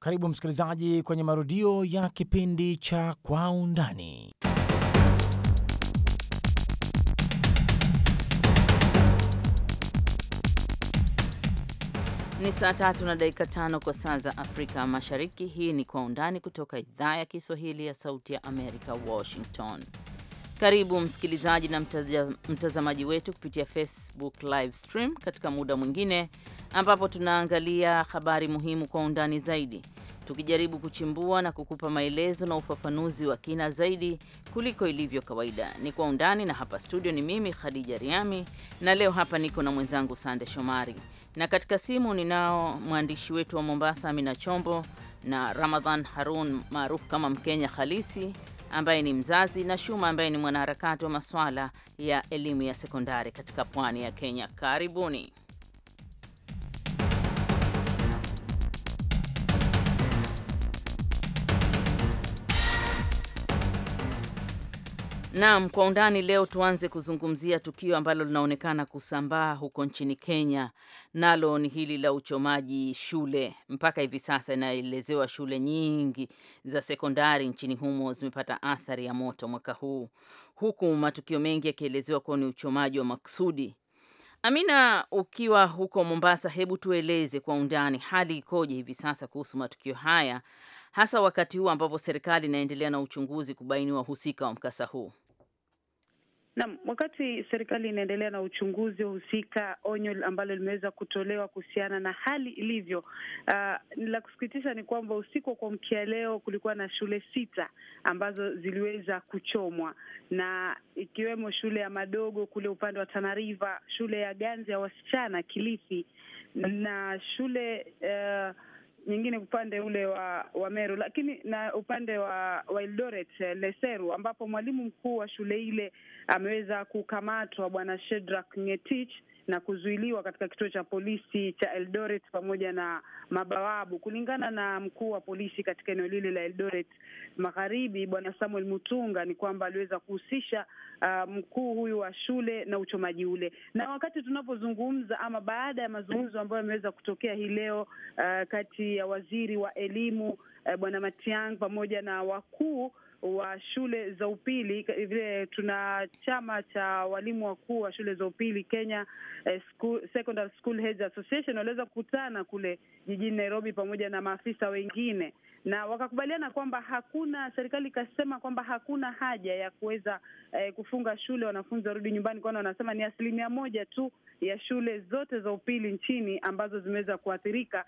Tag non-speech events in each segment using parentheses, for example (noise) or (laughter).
Karibu msikilizaji kwenye marudio ya kipindi cha Kwa Undani. Ni saa tatu na dakika tano kwa saa za Afrika Mashariki. Hii ni Kwa Undani kutoka idhaa ya Kiswahili ya Sauti ya Amerika, Washington. Karibu msikilizaji na mtazamaji wetu kupitia Facebook live stream katika muda mwingine ambapo tunaangalia habari muhimu kwa undani zaidi, tukijaribu kuchimbua na kukupa maelezo na ufafanuzi wa kina zaidi kuliko ilivyo kawaida. Ni kwa undani, na hapa studio ni mimi Khadija Riami, na leo hapa niko na mwenzangu Sande Shomari, na katika simu ninao mwandishi wetu wa Mombasa Amina Chombo na Ramadhan Harun maarufu kama Mkenya halisi ambaye ni mzazi na Shuma ambaye ni mwanaharakati wa masuala ya elimu ya sekondari katika pwani ya Kenya. Karibuni. Naam, kwa undani leo tuanze kuzungumzia tukio ambalo linaonekana kusambaa huko nchini Kenya, nalo ni hili la uchomaji shule. Mpaka hivi sasa inaelezewa shule nyingi za sekondari nchini humo zimepata athari ya moto mwaka huu, huku matukio mengi yakielezewa kuwa ni uchomaji wa makusudi. Amina, ukiwa huko Mombasa, hebu tueleze kwa undani hali ikoje hivi sasa kuhusu matukio haya hasa wakati huu ambapo serikali inaendelea na uchunguzi kubaini wahusika wa mkasa huu? Naam, wakati serikali inaendelea na uchunguzi husika, onyo ambalo limeweza kutolewa kuhusiana na hali ilivyo. Uh, la kusikitisha ni kwamba usiku wa kuamkia leo kulikuwa na shule sita ambazo ziliweza kuchomwa na ikiwemo shule ya Madogo kule upande wa Tana River, shule ya Ganze ya wasichana Kilifi na shule uh, nyingine upande ule wa, wa Meru, lakini na upande wa, wa Eldoret eh, Leseru, ambapo mwalimu mkuu wa shule ile ameweza kukamatwa, Bwana Shedrack Ngetich na kuzuiliwa katika kituo cha polisi cha Eldoret pamoja na mabawabu. Kulingana na mkuu wa polisi katika eneo lile la Eldoret Magharibi, Bwana Samuel Mutunga, ni kwamba aliweza kuhusisha uh, mkuu huyu wa shule na uchomaji ule. Na wakati tunapozungumza ama baada ya mazungumzo ambayo yameweza kutokea hii leo uh, kati ya waziri wa elimu uh, Bwana Matiang'i pamoja na wakuu wa shule za upili vile tuna chama cha walimu wakuu wa shule za upili Kenya eh, School, Secondary School Heads Association waliweza kukutana kule jijini Nairobi pamoja na maafisa wengine na wakakubaliana kwamba hakuna, serikali ikasema kwamba hakuna haja ya kuweza eh, kufunga shule, wanafunzi warudi nyumbani, kwani wanasema ni asilimia moja tu ya shule zote za upili nchini ambazo zimeweza kuathirika,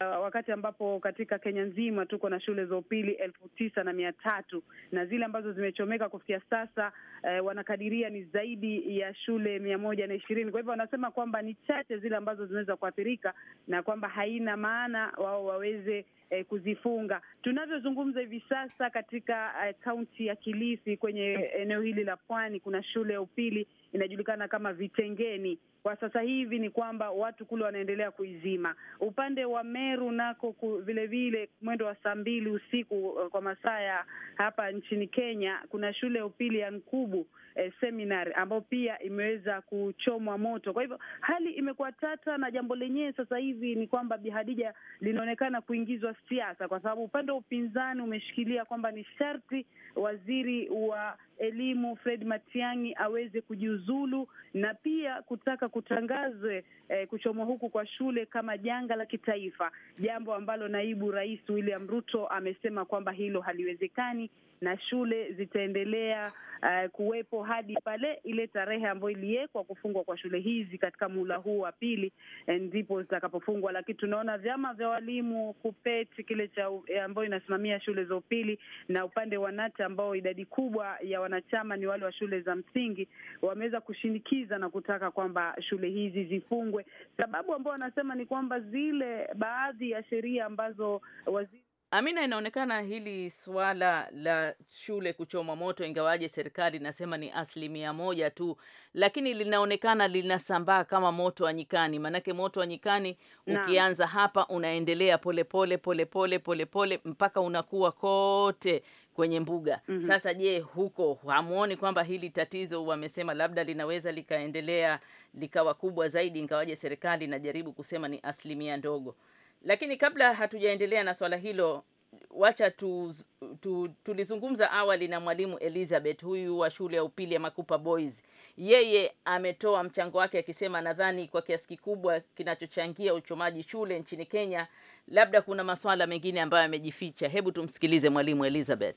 wakati ambapo katika Kenya nzima tuko na shule za upili elfu tisa na mia tatu na zile ambazo zimechomeka kufikia sasa eh, wanakadiria ni zaidi ya shule mia moja na ishirini. Kwa hivyo wanasema kwamba ni chache zile ambazo zinaweza kuathirika na kwamba haina maana wao waweze eh, kuzifunga. Tunavyozungumza hivi sasa katika eh, kaunti eh, ya Kilifi kwenye eh, eneo hili la pwani kuna shule ya upili inajulikana kama Vitengeni. Kwa sasa hivi ni kwamba watu kule wanaendelea kuizima. Upande wa Meru nako vilevile, mwendo wa saa mbili usiku uh, kwa masaa ya hapa nchini Kenya, kuna shule ya upili ya Nkubu eh, seminary ambayo pia imeweza kuchomwa moto. Kwa hivyo hali imekuwa tata, na jambo lenyewe sasa hivi ni kwamba Bihadija linaonekana kuingizwa siasa, kwa sababu upande wa upinzani umeshikilia kwamba ni sharti waziri wa elimu Fred Matiang'i aweze kujiuzulu na pia kutaka kutangazwe eh, kuchomwa huku kwa shule kama janga la kitaifa, jambo ambalo naibu rais William Ruto amesema kwamba hilo haliwezekani na shule zitaendelea uh, kuwepo hadi pale ile tarehe ambayo iliwekwa kufungwa kwa shule hizi katika muhula huu wa pili, eh, ndipo zitakapofungwa. Lakini tunaona vyama vya walimu kupeti kile cha eh, ambayo inasimamia shule za upili na upande wa Nata ambao idadi kubwa ya wanachama ni wale wa shule za msingi wameweza kushinikiza na kutaka kwamba shule hizi zifungwe. Sababu ambao wanasema ni kwamba zile baadhi ya sheria ambazo waziri Amina, inaonekana hili swala la shule kuchoma moto, ingawaje serikali inasema ni asilimia moja tu, lakini linaonekana linasambaa kama moto wa nyikani. Maanake moto wa nyikani ukianza hapa unaendelea polepole polepole polepole mpaka unakuwa kote kwenye mbuga. mm -hmm. Sasa je, huko hamuoni kwamba hili tatizo wamesema labda linaweza likaendelea likawa kubwa zaidi, ingawaje serikali inajaribu kusema ni asilimia ndogo? Lakini kabla hatujaendelea na swala hilo, wacha tu, tu, tulizungumza awali na mwalimu Elizabeth huyu wa shule ya upili ya Makupa Boys. Yeye ametoa mchango wake akisema, nadhani kwa kiasi kikubwa kinachochangia uchomaji shule nchini Kenya labda kuna masuala mengine ambayo yamejificha. Hebu tumsikilize mwalimu Elizabeth.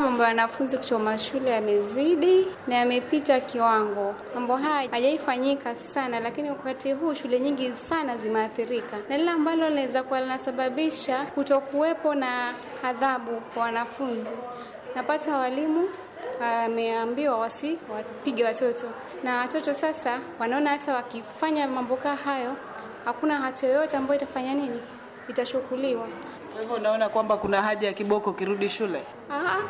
Mambo ya wanafunzi kuchoma shule yamezidi na yamepita kiwango. Mambo haya hajaifanyika sana, lakini wakati huu shule nyingi sana zimeathirika, na lile ambalo linaweza kuwa linasababisha kutokuwepo na adhabu kwa wanafunzi, napata walimu ah, wameambiwa wasi wapige watoto, na watoto sasa wanaona hata wakifanya mambo kaa hayo hakuna hatua yoyote ambayo itafanya nini, itashukuliwa. Kwa hivyo unaona kwamba kuna haja ya kiboko kirudi shule?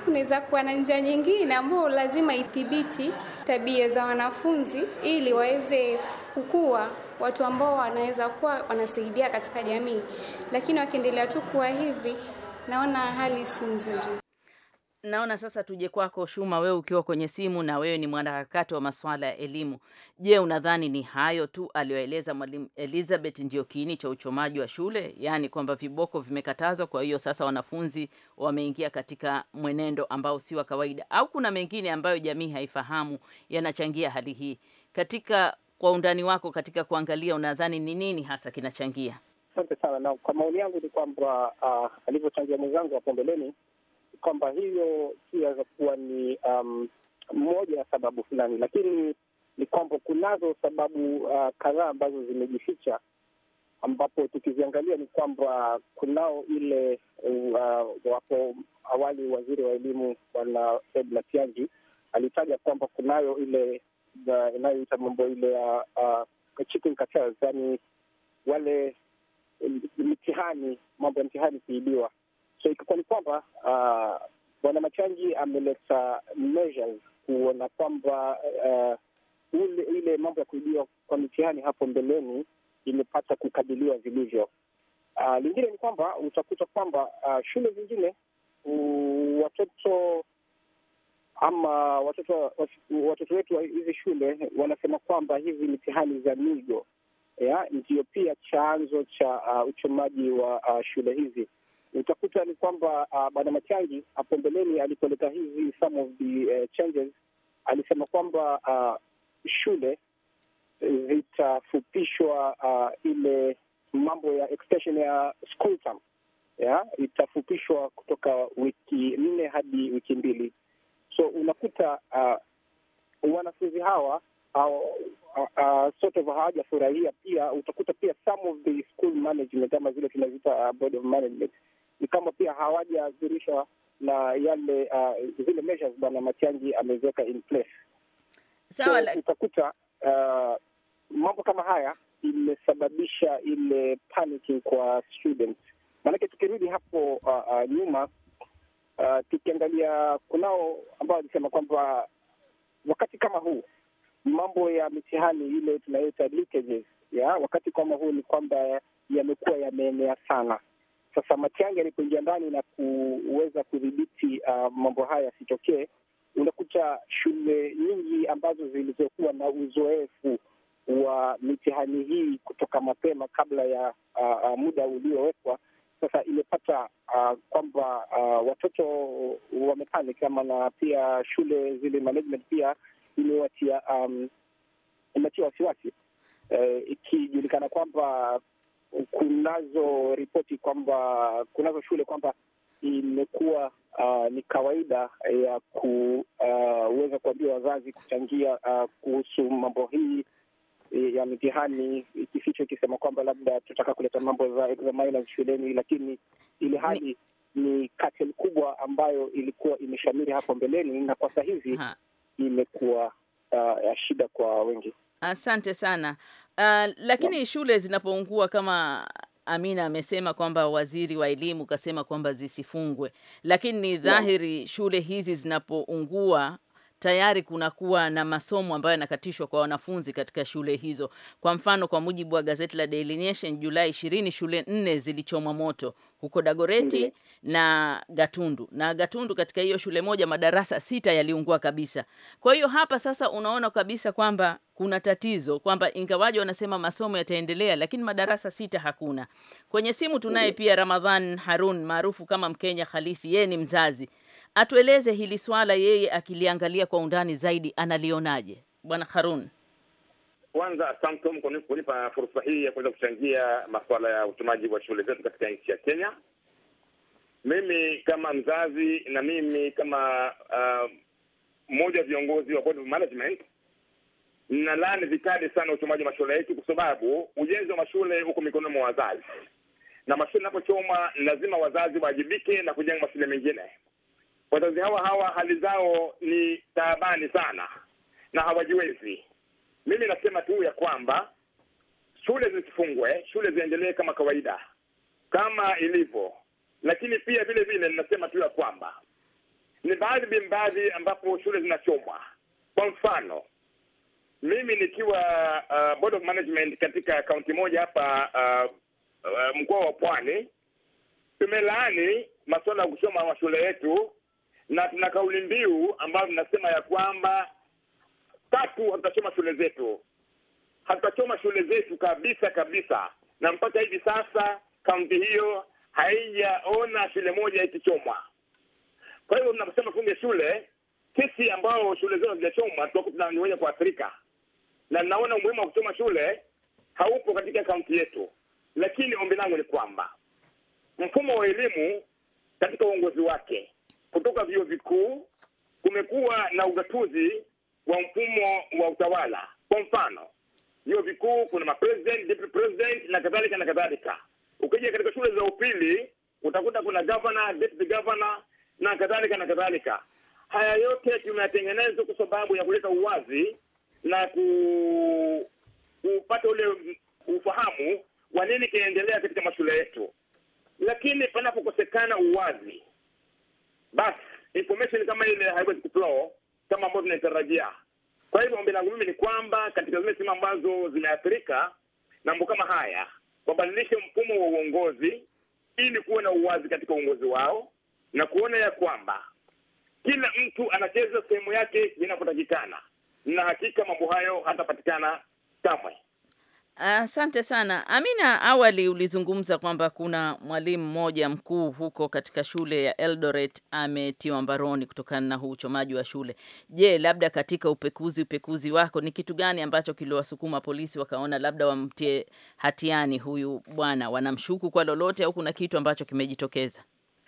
kunaweza kuwa na njia nyingine ambayo lazima ithibiti tabia za wanafunzi ili waweze kukua watu ambao wanaweza kuwa wanasaidia katika jamii, lakini wakiendelea tu kuwa hivi, naona hali si nzuri naona sasa tuje kwako Shuma, wewe ukiwa kwenye simu na wewe ni mwanaharakati wa masuala ya elimu. Je, unadhani ni hayo tu aliyoeleza Mwalimu Elizabeth ndio kiini cha uchomaji wa shule, yaani kwamba viboko vimekatazwa, kwa hiyo sasa wanafunzi wameingia katika mwenendo ambao si wa kawaida, au kuna mengine ambayo jamii haifahamu yanachangia hali hii? Katika kwa undani wako katika kuangalia, unadhani ni nini hasa kinachangia? Asante sana. Na kwa maoni yangu ni kwamba uh, alivyochangia mwenzangu hapo mbeleni kwamba hiyo inaweza kuwa ni um, moja ya sababu fulani, lakini ni kwamba kunazo sababu uh, kadhaa ambazo zimejificha, ambapo tukiziangalia ni kwamba kunao ile uh, wapo awali waziri wa elimu Bwana Fred Matiang'i alitaja kwamba kunayo ile uh, inayoita mambo ile ya uh, cheating cartels, yaani wale um, mtihani, mambo ya mtihani kuibiwa So ikakuwa ni kwamba uh, bwana Machangi ameleta measures kuona kwamba uh, ile mambo ya kuibiwa kwa mitihani hapo mbeleni imepata kukabiliwa vilivyo. Uh, lingine ni kwamba utakuta kwamba uh, shule zingine watoto ama watoto watoto wetu wa hizi shule wanasema kwamba hizi mitihani za migo ndiyo pia chanzo cha uh, uchomaji wa uh, shule hizi utakuta ni kwamba uh, bwana Machangi hapo mbeleni alipoleta hizi some of the uh, changes, alisema kwamba uh, shule zitafupishwa uh, ile mambo ya extension ya school term yeah, itafupishwa kutoka wiki nne hadi wiki mbili. So unakuta uh, wanafunzi hawa uh, uh, uh, sort of hawajafurahia. Pia utakuta pia some of the school management ama zile tunaziita board of management ni kama pia hawajaadhirishwa na yale uh, zile measures bwana Matiangi ameziweka in place. Sawa, so, utakuta uh, mambo kama haya imesababisha ile panicking kwa students, maanake tukirudi hapo uh, uh, nyuma uh, tukiangalia kunao ambao walisema kwamba wakati kama huu mambo ya mitihani ile tunayoita leakages, ya wakati kama huu ni kwamba yamekuwa yameenea sana sasa Matiang'i alipoingia ndani na kuweza kudhibiti uh, mambo haya yasitokee, unakuta shule nyingi ambazo zilizokuwa na uzoefu wa mitihani hii kutoka mapema kabla ya uh, uh muda uliowekwa, sasa imepata uh, kwamba uh, watoto wamekaa kama, na pia shule zile management pia imewatia um, imetia wasiwasi eh, ikijulikana kwamba kunazo ripoti kwamba kunazo shule kwamba imekuwa uh, ni kawaida ya kuweza ah, uh, kuambia wazazi kuchangia uh, kuhusu mambo hii eh, ya mitihani kificho ikisema kwamba labda tutaka kuleta mambo za examiners shuleni, lakini ili hali ni katel kubwa ambayo ilikuwa imeshamiri hapo mbeleni na kwa sasa hivi imekuwa uh, shida kwa wengi. Asante sana. Uh, lakini yeah, shule zinapoungua kama Amina amesema kwamba waziri wa elimu kasema kwamba zisifungwe, lakini ni dhahiri yeah, shule hizi zinapoungua tayari kunakuwa na masomo ambayo yanakatishwa kwa wanafunzi katika shule hizo. Kwa mfano, kwa mujibu wa gazeti la Daily Nation, Julai 20 shule nne zilichomwa moto huko Dagoreti na Gatundu na Gatundu, katika hiyo shule moja madarasa sita yaliungua kabisa. Kwa hiyo hapa sasa unaona kabisa kwamba kuna tatizo kwamba ingawaje wanasema masomo yataendelea, lakini madarasa sita hakuna. Kwenye simu tunaye pia Ramadhan Harun maarufu kama Mkenya halisi, yeye ni mzazi atueleze hili swala, yeye akiliangalia kwa undani zaidi analionaje, Bwana Harun? Kwanza asante kunipa fursa hii ya kuweza kuchangia masuala ya utumaji wa shule zetu katika nchi ya Kenya. Mimi kama mzazi na mimi kama uh, mmoja uh, wa viongozi wa board of management vikali sana uchomaji wa mashule yetu, kwa sababu ujenzi wa mashule huko mikononi mwa wazazi, na mashule yanapochomwa lazima wazazi waajibike na kujenga mashule mengine. Wazazi hawa hawa hali zao ni taabani sana na hawajiwezi. Mimi nasema tu ya kwamba shule zisifungwe, shule ziendelee kama kawaida, kama ilivyo. Lakini pia vile vile ninasema tu ya kwamba ni baadhi bimbadhi ambapo shule zinachomwa. Kwa mfano mimi nikiwa uh, board of management katika kaunti moja hapa uh, uh, mkoa wa Pwani, tumelaani masuala ya kuchoma mashule yetu na tuna kauli mbiu ambayo tunasema ya kwamba tatu, hatutachoma shule zetu, hatutachoma shule zetu kabisa kabisa. Na mpaka hivi sasa kaunti hiyo haijaona shule moja ikichomwa. Kwa hivyo tunaposema funge shule, sisi ambao shule zetu hazijachomwa tunaweza kuathirika, na naona umuhimu wa kuchoma shule haupo katika kaunti yetu. Lakini ombi langu ni kwamba mfumo wa elimu katika uongozi wake kutoka vyuo vikuu, kumekuwa na ugatuzi wa mfumo wa utawala. Kwa mfano, vyuo vikuu kuna mapresident, deputy president na kadhalika na kadhalika. Ukija katika shule za upili utakuta kuna governor, deputy governor na kadhalika na kadhalika. Haya yote tumeyatengenezwa kwa sababu ya kuleta uwazi na ku kupata ule ufahamu wa nini kinaendelea katika mashule yetu, lakini panapokosekana uwazi basi information kama ile haiwezi kuflow kama ambavyo tunaitarajia. Kwa hivyo ombi langu mimi ni kwamba katika zile sehemu ambazo zimeathirika mambo kama haya, wabadilishe mfumo wa uongozi ili kuwe na uwazi katika uongozi wao na kuona ya kwamba kila mtu anacheza sehemu yake inapotakikana, na hakika mambo hayo hatapatikana kamwe. Asante sana Amina. Awali ulizungumza kwamba kuna mwalimu mmoja mkuu huko katika shule ya Eldoret ametiwa mbaroni kutokana na huu uchomaji wa shule. Je, labda katika upekuzi upekuzi wako ni kitu gani ambacho kiliwasukuma polisi wakaona labda wamtie hatiani huyu bwana? Wanamshuku kwa lolote au kuna kitu ambacho kimejitokeza?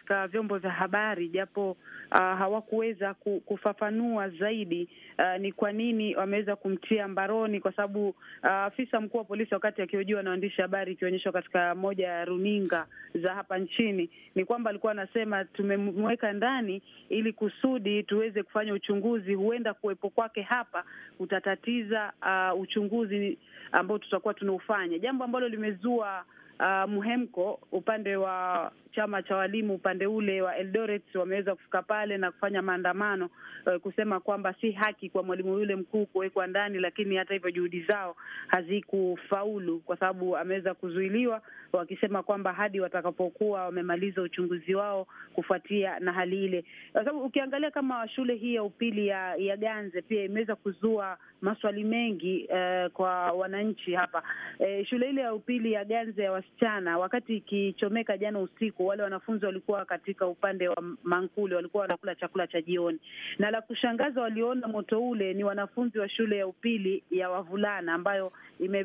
katika vyombo vya habari japo uh, hawakuweza kufafanua zaidi uh, ni kwa nini wameweza kumtia mbaroni, kwa sababu uh, afisa uh, mkuu wa polisi wakati akihojiwa na waandishi habari, ikionyeshwa katika moja ya runinga za hapa nchini, ni kwamba alikuwa anasema tumemweka ndani ili kusudi tuweze kufanya uchunguzi, huenda kuwepo kwake hapa utatatiza uh, uchunguzi ambao tutakuwa tunaufanya, jambo ambalo limezua Uh, mhemko upande wa chama cha walimu upande ule wa Eldoret wameweza kufika pale na kufanya maandamano uh, kusema kwamba si haki kwa mwalimu yule mkuu kuwekwa ndani, lakini hata hivyo juhudi zao hazikufaulu kwa sababu ameweza kuzuiliwa, wakisema kwamba hadi watakapokuwa wamemaliza uchunguzi wao kufuatia na hali ile, kwa sababu ukiangalia kama shule hii ya upili ya, ya Ganze pia imeweza kuzua maswali mengi uh, kwa wananchi hapa. Uh, shule ile ya upili ya Ganze ya wasichana wakati ikichomeka jana usiku wale wanafunzi walikuwa katika upande wa Mankule, walikuwa wanakula chakula cha jioni. Na la kushangaza, waliona moto ule ni wanafunzi wa shule ya upili ya wavulana ambayo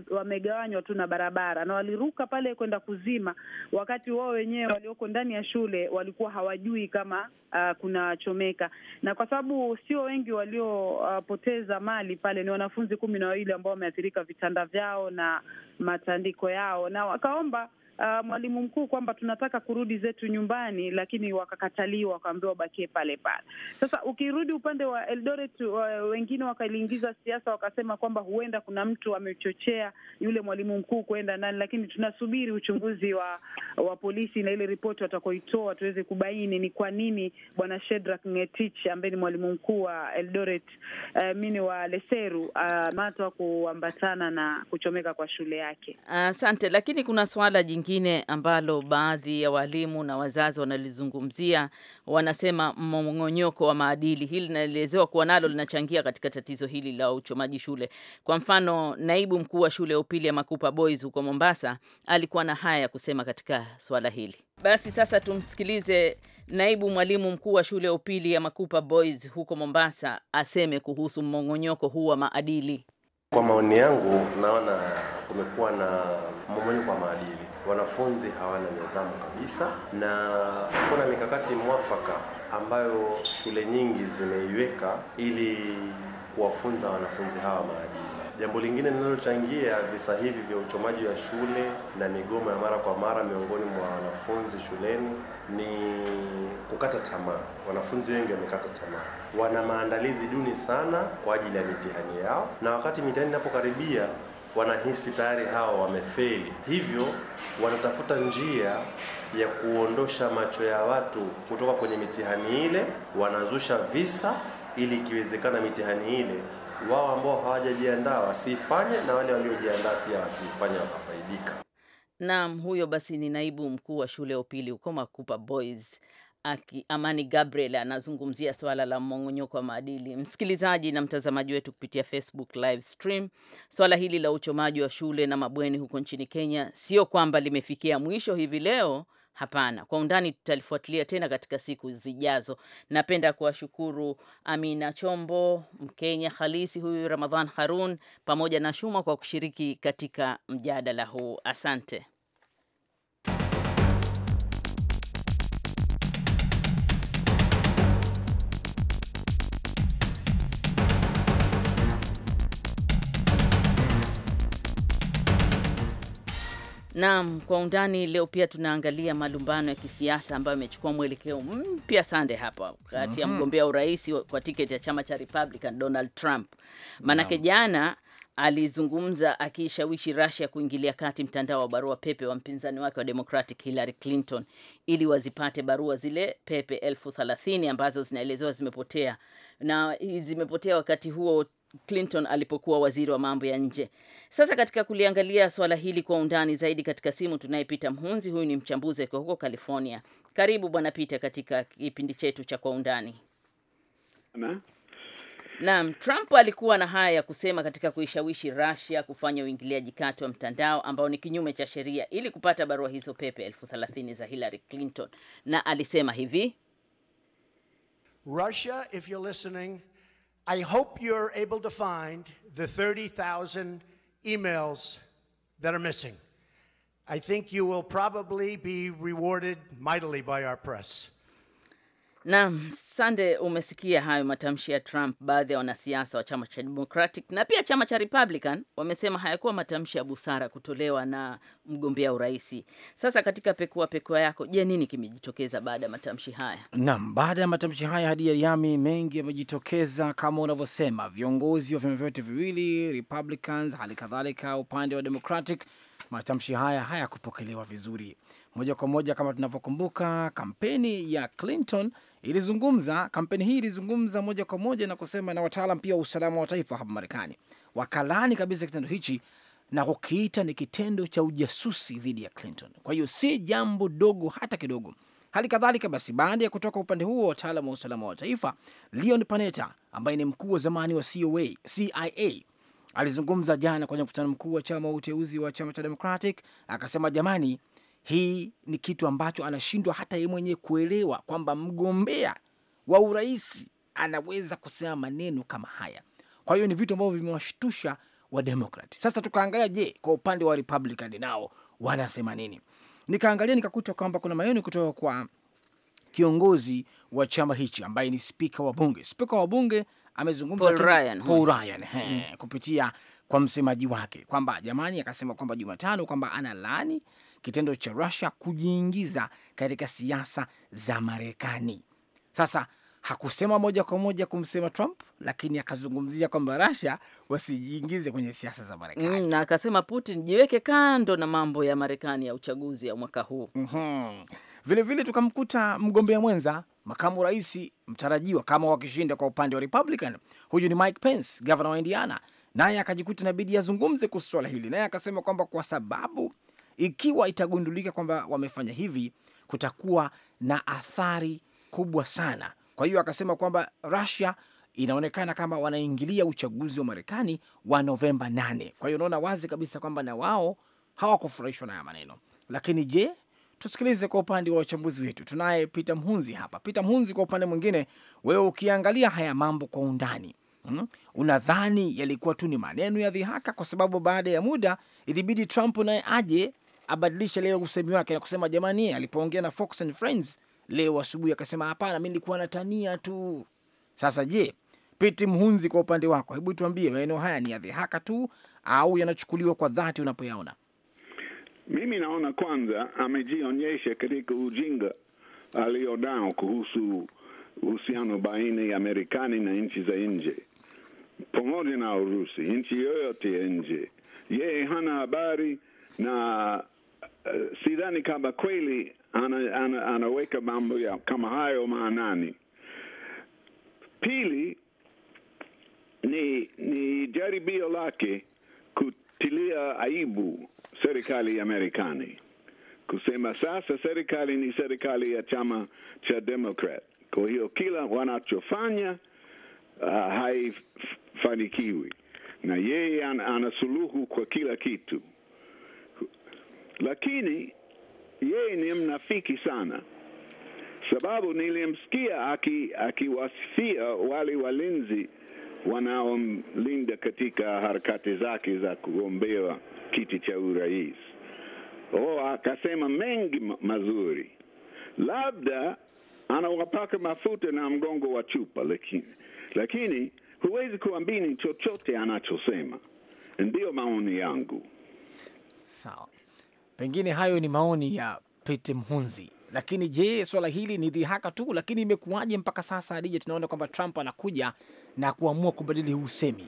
wamegawanywa tu na barabara, na waliruka pale kwenda kuzima, wakati wao wenyewe walioko ndani ya shule walikuwa hawajui kama uh, kuna chomeka. Na kwa sababu sio wengi waliopoteza uh, mali pale, ni wanafunzi kumi na wawili ambao wameathirika vitanda vyao na matandiko yao, na wakaomba uh, mwalimu mkuu kwamba tunataka kurudi zetu nyumbani, lakini wakakataliwa, wakaambiwa wabakie pale pale. Sasa ukirudi upande wa Eldoret, uh, wengine wakaliingiza siasa, wakasema kwamba huenda kuna mtu amechochea yule mwalimu mkuu kwenda ndani, lakini tunasubiri uchunguzi wa wa polisi na ile ripoti watakoitoa tuweze kubaini ni kwa nini bwana Shedrack Ngetich ambaye ni mwalimu mkuu wa Eldoret uh, mini wa Leseru uh, matwa kuambatana na kuchomeka kwa shule yake. Asante, lakini kuna swala jingine jingine ambalo baadhi ya walimu na wazazi wanalizungumzia, wanasema mmong'onyoko wa maadili. Hili linaelezewa kuwa nalo linachangia katika tatizo hili la uchomaji shule. Kwa mfano, naibu mkuu wa shule ya upili ya Makupa Boys huko Mombasa alikuwa na haya ya kusema katika swala hili. Basi sasa tumsikilize naibu mwalimu mkuu wa shule ya upili ya Makupa Boys huko Mombasa aseme kuhusu mmong'onyoko huu wa maadili. Kwa maoni yangu, naona kumekuwa na mmomonyoko wa maadili, wanafunzi hawana nidhamu kabisa, na kuna mikakati mwafaka ambayo shule nyingi zimeiweka ili kuwafunza wanafunzi hawa maadili. Jambo lingine linalochangia visa hivi vya uchomaji wa shule na migomo ya mara kwa mara miongoni mwa wanafunzi shuleni ni kukata tamaa. Wanafunzi wengi wamekata tamaa, wana maandalizi duni sana kwa ajili ya mitihani yao, na wakati mitihani inapokaribia wanahisi tayari hawa wamefeli, hivyo wanatafuta njia ya kuondosha macho ya watu kutoka kwenye mitihani ile, wanazusha visa ili ikiwezekana mitihani ile wao ambao hawajajiandaa wasifanye na wale waliojiandaa pia wasifanye wakafaidika. Naam, huyo basi ni naibu mkuu wa shule ya upili huko Makupa Boys Aki, Amani Gabriel anazungumzia swala la mmong'onyoko wa maadili. Msikilizaji na mtazamaji wetu kupitia Facebook live stream, swala hili la uchomaji wa shule na mabweni huko nchini Kenya sio kwamba limefikia mwisho hivi leo, Hapana. Kwa undani tutalifuatilia tena katika siku zijazo. Napenda kuwashukuru Amina Chombo, Mkenya halisi huyu, Ramadhan Harun pamoja na Shuma kwa kushiriki katika mjadala huu. Asante. Naam, kwa undani leo pia tunaangalia malumbano ya kisiasa ambayo yamechukua mwelekeo mpya sande hapa kati ya mm -hmm. mgombea urais kwa tiketi ya chama cha Republican Donald Trump, maanake no. jana alizungumza akiishawishi Russia kuingilia kati mtandao wa barua pepe wa mpinzani wake wa Democratic Hillary Clinton ili wazipate barua zile pepe elfu thelathini ambazo zinaelezewa zimepotea na zimepotea wakati huo Clinton alipokuwa waziri wa mambo ya nje. Sasa katika kuliangalia swala hili kwa undani zaidi, katika simu tunaye Peter Mhunzi. Huyu ni mchambuzi akiwa huko California. Karibu bwana pite katika kipindi chetu cha kwa undani. Naam, Trump alikuwa na haya ya kusema katika kuishawishi Russia kufanya uingiliaji kati wa mtandao ambao ni kinyume cha sheria ili kupata barua hizo pepe elfu thelathini za Hillary Clinton, na alisema hivi Russia, if you're listening I hope you're able to find the 30,000 emails that are missing. I think you will probably be rewarded mightily by our press. Naam, Sande, umesikia hayo matamshi ya Trump. Baadhi ya wanasiasa wa chama cha Democratic na pia chama cha Republican wamesema hayakuwa matamshi ya busara kutolewa na mgombea urais. Sasa katika pekua pekua yako, je, nini kimejitokeza baada ya matamshi haya? Naam, baada ya matamshi haya hadi Yami, mengi yamejitokeza, kama unavyosema, viongozi wa vyama vyote viwili, Republicans hali kadhalika upande wa Democratic matamshi haya hayakupokelewa vizuri moja kwa moja. Kama tunavyokumbuka, kampeni ya Clinton ilizungumza kampeni hii ilizungumza moja kwa moja na kusema na wataalam pia wa usalama wa taifa hapa Marekani wakalani kabisa kitendo hichi na kukiita ni kitendo cha ujasusi dhidi ya Clinton. Kwa hiyo si jambo dogo hata kidogo. Hali kadhalika basi, baada ya kutoka upande huo, wataalam wa usalama wa taifa, Leon Panetta ambaye ni mkuu wa zamani wa COA, CIA alizungumza jana kwenye mkutano mkuu wa chama wa uteuzi wa chama cha Democratic akasema, jamani, hii ni kitu ambacho anashindwa hata yeye mwenyewe kuelewa kwamba mgombea wa urais anaweza kusema maneno kama haya. Kwa hiyo ni vitu ambavyo vimewashtusha Wademokrat. Sasa tukaangalia, je, kwa upande wa Republican nao wanasema nini? Nikaangalia nikakuta kwamba kuna maoni kutoka kwa kiongozi wa chama hichi ambaye ni spika wa bunge. Spika wa bunge amezungumza Paul Ryan, Paul Ryan he, mm. kupitia kwa msemaji wake kwamba jamani, akasema kwamba Jumatano kwamba ana laani kitendo cha Rusia kujiingiza katika siasa za Marekani. Sasa hakusema moja kwa moja kumsema Trump, lakini akazungumzia kwamba Russia wasijiingize kwenye siasa za Marekani mm, na akasema Putin jiweke kando na mambo ya Marekani ya uchaguzi ya mwaka huu mm -hmm. Vilevile tukamkuta mgombea mwenza makamu rais mtarajiwa kama wakishinda kwa upande wa Republican, huyu ni Mike Pence, gavana wa Indiana, naye akajikuta inabidi azungumze kuhusu swala hili, naye akasema kwamba kwa sababu ikiwa itagundulika kwamba wamefanya hivi, kutakuwa na athari kubwa sana. Kwa hiyo akasema kwamba Russia inaonekana kama wanaingilia uchaguzi wa Marekani wa Novemba 8. Kwa hiyo unaona wazi kabisa kwamba na wao hawakufurahishwa na haya maneno. Lakini je, tusikilize kwa upande wa wachambuzi wetu. Tunaye Peter Mhunzi hapa. Peter Mhunzi, kwa upande mwingine, wewe ukiangalia haya mambo kwa undani Hmm, unadhani yalikuwa tu ni maneno ya dhihaka? Kwa sababu baada ya muda ilibidi Trump naye aje abadilishe leo usemi wake na kusema jamani, alipoongea na Fox and Friends leo asubuhi akasema hapana, mi nilikuwa natania tu. Sasa je, Piti Mhunzi, kwa upande wako, hebu tuambie maeneo haya ni ya dhihaka tu au yanachukuliwa kwa dhati unapoyaona? Mimi naona kwanza amejionyesha katika ujinga alionao kuhusu uhusiano baina ya Marekani na nchi za nje pamoja na Urusi, nchi yoyote ya nje. Yeye hana habari na Eh, sidhani kama kweli ana, ana, anaweka mambo ya kama hayo maanani. Pili ni, ni jaribio lake kutilia aibu serikali ya Marekani kusema sasa serikali ni serikali ya chama cha Democrat. Kwa hiyo kila wanachofanya uh, haifanikiwi, na yeye an, ana suluhu kwa kila kitu lakini yeye ni mnafiki sana, sababu nilimsikia akiwasifia aki wale walinzi wanaomlinda katika harakati zake za kugombea kiti cha urais. O, akasema mengi mazuri, labda anawapaka mafuta na mgongo wa chupa, lakini lakini huwezi kuambini chochote anachosema. Ndiyo maoni yangu. Sawa. Pengine hayo ni maoni ya Pete Mhunzi. Lakini je, swala hili ni dhihaka tu? Lakini imekuwaje mpaka sasa, Adija, tunaona kwamba Trump anakuja na kuamua kubadili huu usemi?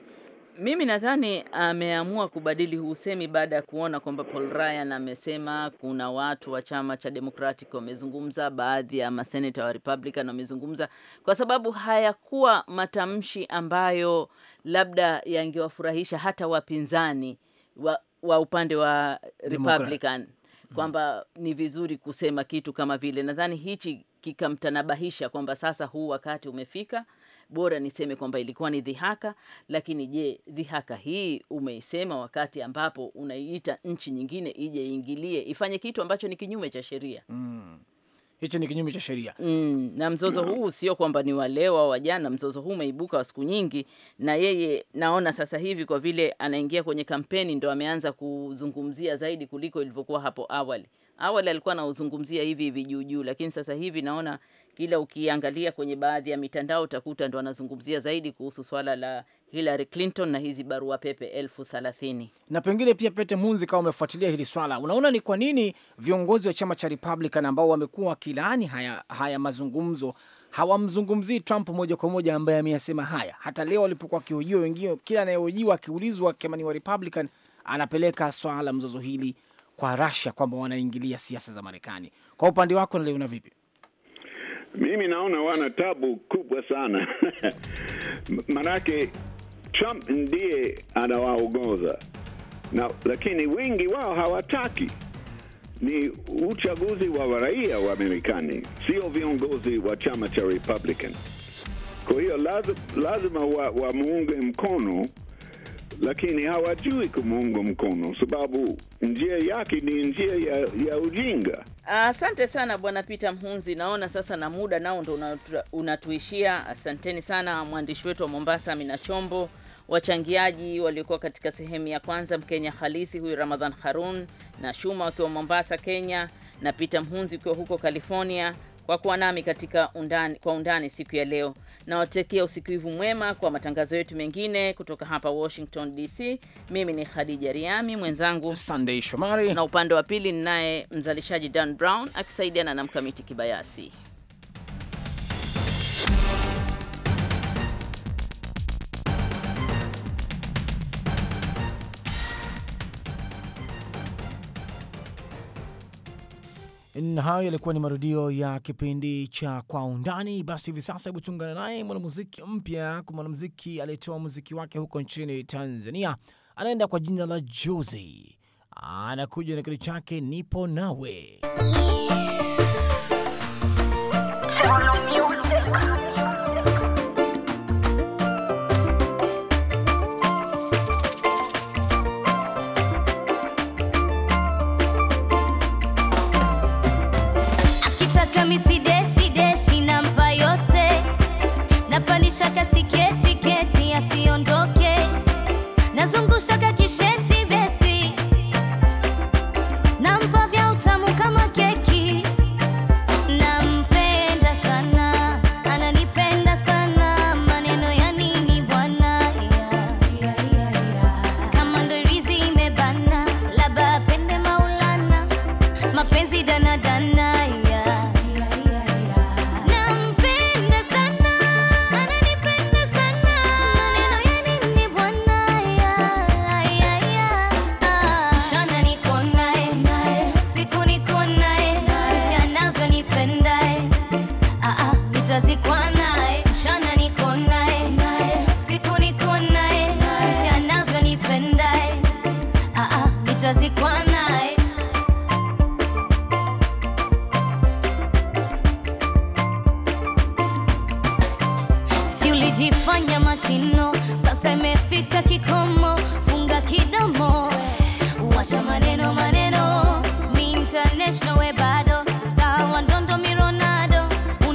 Mimi nadhani ameamua kubadili huu usemi baada ya kuona kwamba Paul Ryan amesema kuna watu wa chama cha Democratic wamezungumza, baadhi ya maseneta wa Republican wamezungumza, kwa sababu hayakuwa matamshi ambayo labda yangewafurahisha hata wapinzani wa wa upande wa Republican mm-hmm. kwamba ni vizuri kusema kitu kama vile, nadhani hichi kikamtanabahisha kwamba sasa huu wakati umefika, bora niseme kwamba ilikuwa ni dhihaka. Lakini je, dhihaka hii umeisema wakati ambapo unaiita nchi nyingine ije iingilie ifanye kitu ambacho ni kinyume cha sheria mm hicho ni kinyume cha sheria mm. Na mzozo huu sio kwamba ni walewa wajana mzozo huu umeibuka wa siku nyingi, na yeye naona sasa hivi kwa vile anaingia kwenye kampeni ndo ameanza kuzungumzia zaidi kuliko ilivyokuwa hapo awali. Awali alikuwa anauzungumzia hivi hivi juu juu, lakini sasa hivi naona kila ukiangalia kwenye baadhi ya mitandao utakuta ndo anazungumzia zaidi kuhusu swala la Hillary Clinton na hizi barua pepe elfu thelathini. Na pengine pia Pete Munzi, kama umefuatilia hili swala, unaona ni kwa nini viongozi wa chama cha Republican ambao wamekuwa wakilaani haya, haya mazungumzo hawamzungumzii Trump moja kwa moja ambaye ameyasema haya. Hata leo walipokuwa wakihojiwa wengine, kila anayehojiwa akiulizwa kama ni wa Republican anapeleka swala la mzozo hili kwa Russia kwamba wanaingilia siasa za Marekani. Kwa upande wako naliona vipi? Mimi naona wana tabu kubwa sana (laughs) manake Trump ndiye anawaongoza na, lakini wengi wao hawataki. Ni uchaguzi wa raia wa Marekani, sio viongozi wa chama cha Republican. Kwa hiyo lazima, lazima wamuunge wa mkono, lakini hawajui kumuunga mkono sababu njia yake ni njia ya, ya ujinga. Asante sana Bwana Peter Mhunzi, naona sasa na muda nao ndo unatuishia. Asanteni sana mwandishi wetu wa Mombasa Amina Chombo Wachangiaji waliokuwa katika sehemu ya kwanza, Mkenya halisi huyu Ramadhan Harun na Shuma wakiwa Mombasa, Kenya, na Peter Mhunzi ukiwa huko California kwa kuwa nami katika undani, kwa undani siku ya leo. Nawatekea usikivu mwema kwa matangazo yetu mengine kutoka hapa Washington DC. Mimi ni Khadija Riami, mwenzangu Sunday Shomari, na upande wa pili ninaye mzalishaji Dan Brown akisaidiana na Mkamiti Kibayasi. na hayo yalikuwa ni marudio ya kipindi cha Kwa Undani. Basi hivi sasa, hebu tuungane naye mwanamuziki mpya kwa mwanamuziki aliyetoa muziki wake huko nchini Tanzania, anaenda kwa jina la Jozi, anakuja na kitu chake nipo nawe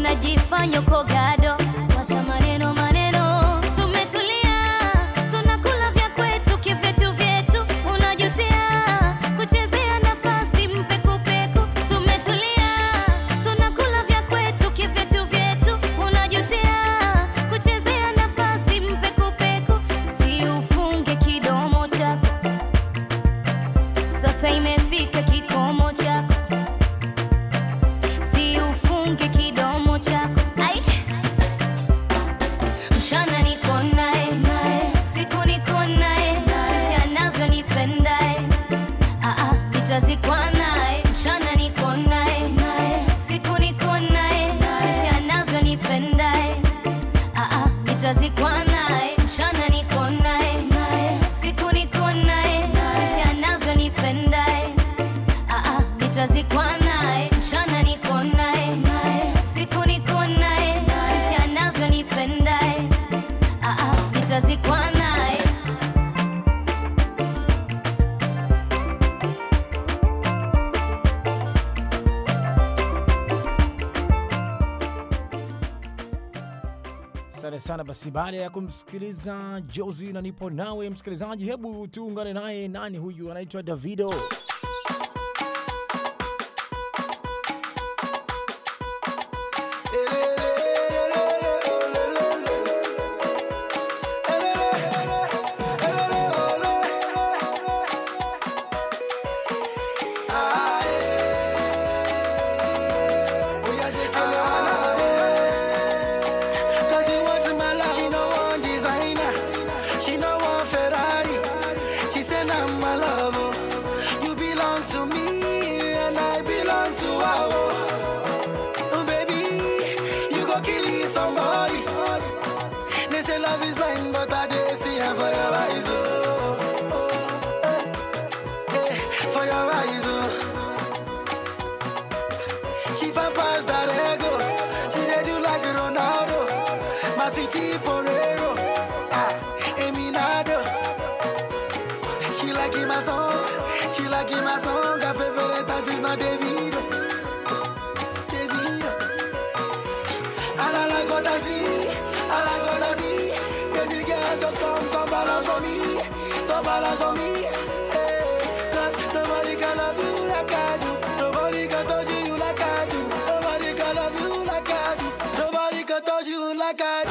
na divanha o cogar. Jazi naye, mchana niko naye, siku niko naye, jinsi ah, ah, naye. Asante sana. Basi baada ya kumsikiliza Jozi na nipo nawe, msikilizaji, hebu tuungane naye. Nani huyu? Anaitwa Davido. I'm my love. dollars on me. nobody can love you like I do. Nobody can touch you like I do. Nobody can love you like I do. Nobody can touch you like I do.